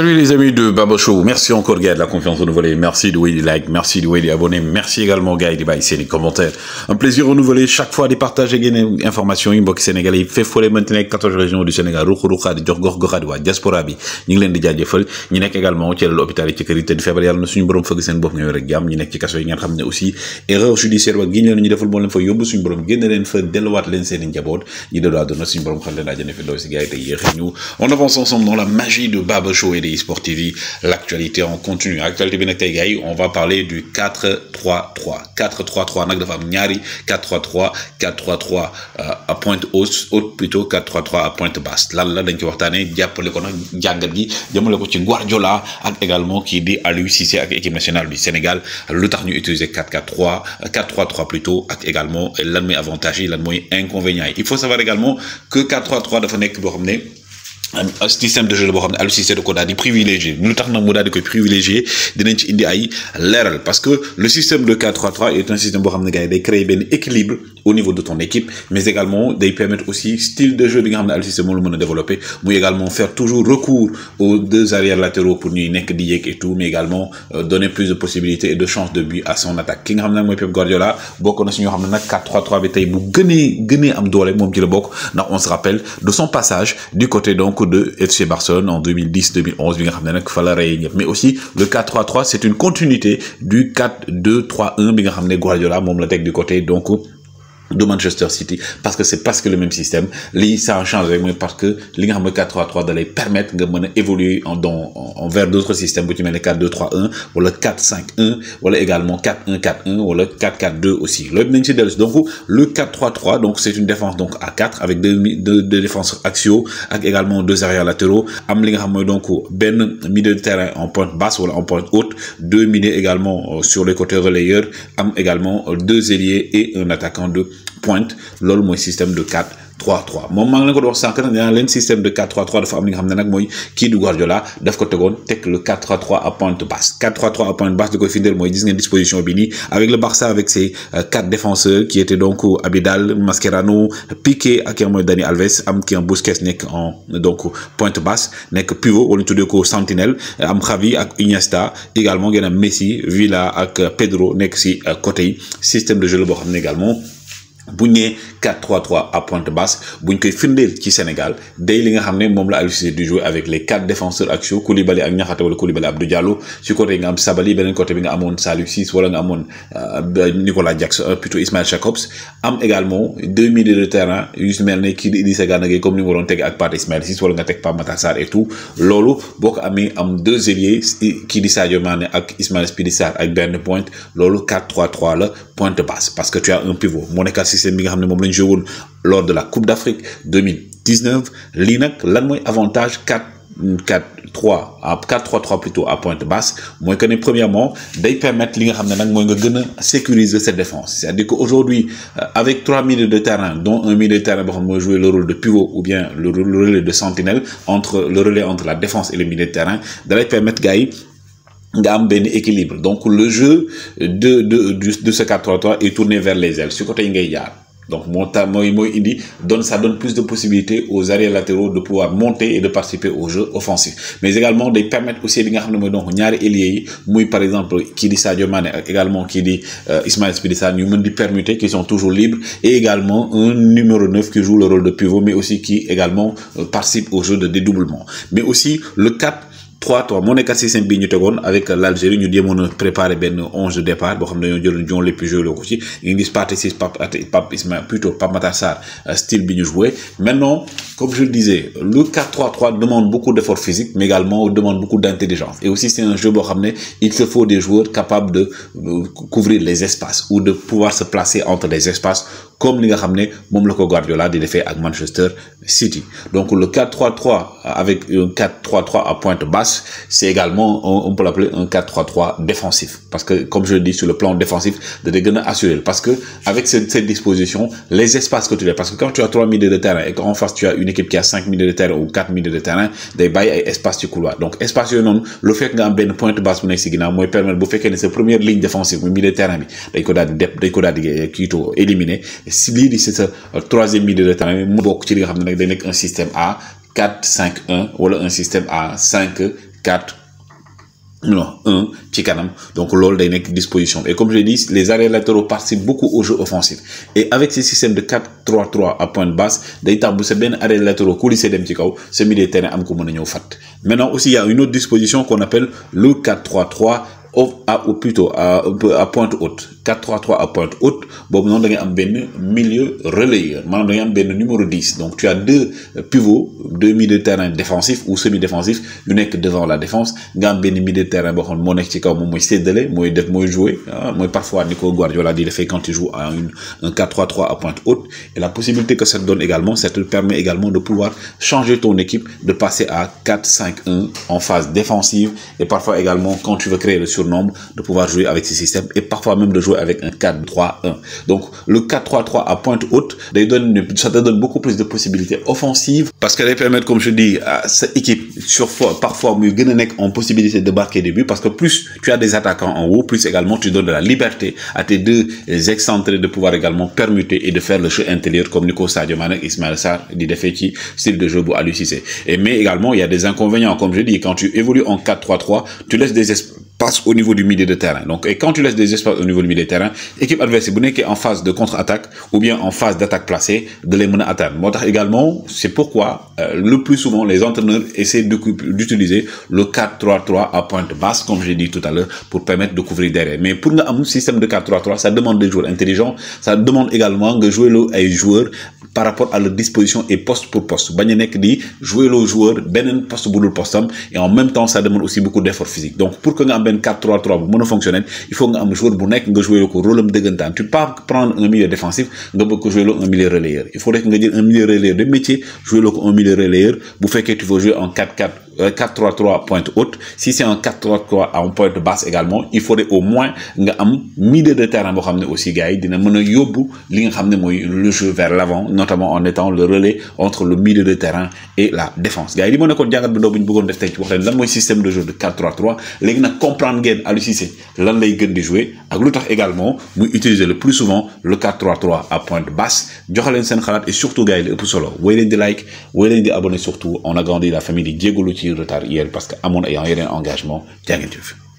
Salut les amis de Babo merci encore gars de la confiance renouvelée, merci de des like, merci de des abonnés, merci également gars des bails, c'est les commentaires. Un plaisir renouvelé chaque fois de partager des informations inbox sénégalais, fait fouler maintenant 14 régions du Sénégal, Roukh Roukha, Djorgor Goradwa, Diaspora bi, ñu ngi leen di jaajëfal, ñi nekk également ci l'hôpital yi ci kër yi te di feebar yàlla na suñu borom fëgg seen bopp nga wér ak jàmm, ñi nekk ci kaso yi ngeen xam aussi erreur judiciaire ba giñ leen ñu defal moo leen fa yóbbu suñu borom génn leen fa delluwaat leen seen i njaboot, ñi delluwaat doona suñu borom xal leen àjjana fi daw si gars yi te yéex On avance ensemble dans la magie de Babo CDI Sport TV, l'actualité en continu actualité bi on va parler du 4-3-3 4-3-3 nag dafa am 4-3-3 4-3-3 euh, à pointe hausse haute plutôt 4-3-3 à pointe basse lan la dañ ci waxtaanee jàppale ko nag jàngat gi jëmale ko ci Guardiola qui également qui di Aliou Cissé avec équipe nationale du Sénégal le tax ñu 4-4-3 4-3-3 plutôt également l'année avantagé avantage et il faut savoir également que 4-3-3 de nekk boo système de jeu de boo le système de Cissé da privilégié Nous, tax nag que privilégié ci indi parce que le système de 4-3-3 est un système de xam qui a créé un équilibre au niveau de ton équipe mais également d'y permettre aussi style de jeu bi nga si c'est Aliou également faire toujours recours aux deux arrières latéraux pour nous nek di et tout mais également euh, donner plus de possibilités et de chances de but à son attaque ki nga Pep Guardiola bokk na 4-3-3 bi Vous bu gagnez am ci la bok. ndax on se rappelle de son passage du côté donc de FC Barcelone en 2010 2011 bi nga mais aussi le 4-3-3 c'est une continuité du 4-2-3-1 bi nga Guardiola mon la teg du côté donc de Manchester City parce que c'est parce que le même système ça a changé parce que les 4-3-3 va les permettre de évoluer en envers d'autres systèmes tu 4-2-3-1 le 4-5-1 voilà également 4-1-4-1 le 4-4-2 aussi le Manchester le 4-3-3 donc c'est une défense donc à 4 avec deux deux deux défenses axiaux avec également deux arrières latéraux am li nga donc milieu de terrain en pointe basse ou en pointe haute deux milieux également euh, sur les côtés relayeurs am également euh, deux ailiers et un attaquant de pointe l'ol moy système de 4 3 3 moom mang ngi ko wax dans len système de 4 3 3 dafa am li nga xamné du Guardiola daf ko tegon tek le 4 3 3 à pointe basse 4 3 3 à pointe basse de koy moy mooy gis ngeen disposition bi ni avec le Barça avec ses euh, quatre défenseurs qui étaient donc Abidal Mascherano Piqué ak est Dani Alves am ki en Busquets nek en donc pointe basse nek pivot wala ñu tuddee ko sentinelle euh, am Xavi ak Iniesta également ngeen Messi Villa ak Pedro nek si euh, côté système de jeu le boo également bu 4-3-3 à pointe basse bu Findel koy firndeel ci Sénégal day li nga xam ne la Aliou du avec les quatre défenseurs axiaux Koulibaly ak Niakhate Koulibaly Abdou Diallo ci côté nga am Sabali beneen côté bi nga wala nga euh, Nicolas Jackson euh, plutôt Ismaël Jacobs am également deux milieux de terrain Juste si qui ne di Idrissa comme nous voulons waroon par Ismaël. Si vous Ciss wala nga teg et tout Lolo boo ko am deux ailiers qui di Sadio Mané ak Ismaël Spiridza ak pointe Lolo 4-3-3 la pointe basse parce que tu as un pivot Monaco système bi nga lors de la coupe d'afrique 2019 l'inac nak lan avantage 4 4 3 à 4 3 3 plutôt à pointe basse moy que premièrement day permettre li nga sécuriser cette défense c'est-à-dire qu'aujourd'hui euh, avec trois milieux de terrain dont un milieu de terrain jouer le rôle de pivot ou bien le relais de sentinelle entre le relais entre la défense et le milieu de terrain dalay permettre gars gamme équilibre donc le jeu de de de ce 4-3-3 est tourné vers les ailes côté donc Monta donne ça donne plus de possibilités aux arrières latéraux de pouvoir monter et de participer au jeu offensif mais également de permettre aussi li nga donc par exemple qui dit Sadio Mané également qui dit euh, Ismaïla qui ñu qui sont toujours libres et également un numéro 9 qui joue le rôle de pivot mais aussi qui également euh, participe au jeu de dédoublement mais aussi le cap 3-3. 3 moo 6 système bii ñu tegoon avec l'Algérie ñu jéemoon préparer ben 11 onze de départ bo xam ne jël jëloon Dion Léppi joué loo ko ci ñu gis plutôt pas Matar euh, style bi ñu joué maintenant comme je disais le 4-3-3 demande beaucoup d'effort physique, mais également demande beaucoup d'intelligence et aussi c'est un jeu bo xamné il se faut des joueurs capables de euh, couvrir les espaces ou de pouvoir se placer entre les espaces comme nous nga ramené la Manchester City donc le 4-3-3 avec un 4-3-3 à pointe basse c'est également on peut l'appeler un 4-3-3 défensif parce que comme je le dis sur le plan défensif de dégâts assurer parce que avec cette, disposition les espaces que tu as parce que quand tu as trois milieux de terrain et qu'en face tu as une équipe qui a 5 milieux de terrain ou 4 milieux de terrain des bails et espace du couloir donc espace non le fait qu'il y am une pointe basse bu nekk moi ginnaaw permettre bu première ligne défensive de terrain bi dañ ko di qui ko si c'est le troisième milieu de terrain mu bokk que un système à 4 5 1 ou un système à 5 4 non, 1 petit Donc, c'est une disposition. Et comme je l'ai dit, les arrêts latéraux participent beaucoup au jeu offensif. Et avec ce système de 4-3-3 à pointe basse, d'ailleurs, vous savez, arrêts latéraux coulissés d'un ce milieu de terrain des à me fat. Maintenant, aussi, il y a une autre disposition qu'on appelle le 4-3-3 ou à, pointe haute. 4-3-3 à pointe haute bon, maintenant, da a milieu relayeur Maintenant, da a numéro 10 donc tu as deux euh, pivots deux milieux de terrain défensifs ou semi défensifs Une que devant la défense nga milieu de terrain Bon, xam ci il jouer ah, parfois Nico Guardiola le fait quand Tu joues à une un 4-3-3 à pointe haute et la possibilité que ça te donne également ça te permet également de pouvoir changer ton équipe de passer à 4-5-1 en phase défensive et parfois également quand tu veux créer le surnombre de pouvoir jouer avec ce système et parfois même de jouer avec un 4-3-1. Donc le 4-3-3 à pointe haute, ça te donne beaucoup plus de possibilités offensives parce qu'elle permet comme je dis, à cette équipe parfois mieux en possibilité de marquer des buts parce que plus tu as des attaquants en haut, plus également tu donnes de la liberté à tes deux excentrés de pouvoir également permuter et de faire le jeu intérieur comme Nico Sadio Manek Ismail Sarr, Didé style de jeu pour Alucissé. mais également, il y a des inconvénients, comme je dis, quand tu évolues en 4-3-3, tu laisses des espaces au niveau du milieu de terrain. Donc, et quand tu laisses des espaces au niveau du milieu de terrain, équipe adverse, vous est en phase de contre-attaque ou bien en phase d'attaque placée de les mener à Moi, également, c'est pourquoi euh, le plus souvent les entraîneurs essaient d'utiliser le 4-3-3 à pointe basse, comme j'ai dit tout à l'heure, pour permettre de couvrir derrière. Mais pour un système de 4-3-3, ça demande des joueurs intelligents, ça demande également de jouer le, joueur joueurs par rapport à leur disposition et poste pour poste bañ dit jouer le joueur benen poste pour le postam et en même temps ça demande aussi beaucoup d'effort physique donc pour que nga am 4-3-3 monofonctionnel, il faut nga am joueur bu nekk nga jouer ko rôle de Gantan. tu peux pas prendre un milieu défensif nga peux jouer un milieu relayeur il faut rek nga un milieu relayeur de métier jouer le un milieu relayeur bu que tu veux jouer en 4-4 4-3-3 euh, pointe haute si c'est un 4-3-3 à un pointe basse également il faudrait au moins un milieu de terrain pour ramener aussi gars Il dina le jeu vers l'avant notamment en étant le relais entre le milieu de terrain et la défense gars il ma système de jeu de 4-3-3 il nag comprendre ngeen à Cissé lan lay gën di jouer ak également nous utiliser le plus souvent le 4-3-3 à pointe basse et surtout gars pour cela, solo like surtout on a grandi la famille de Diego retard hier parce que ayant ayant yeneen engagement un engagement jëf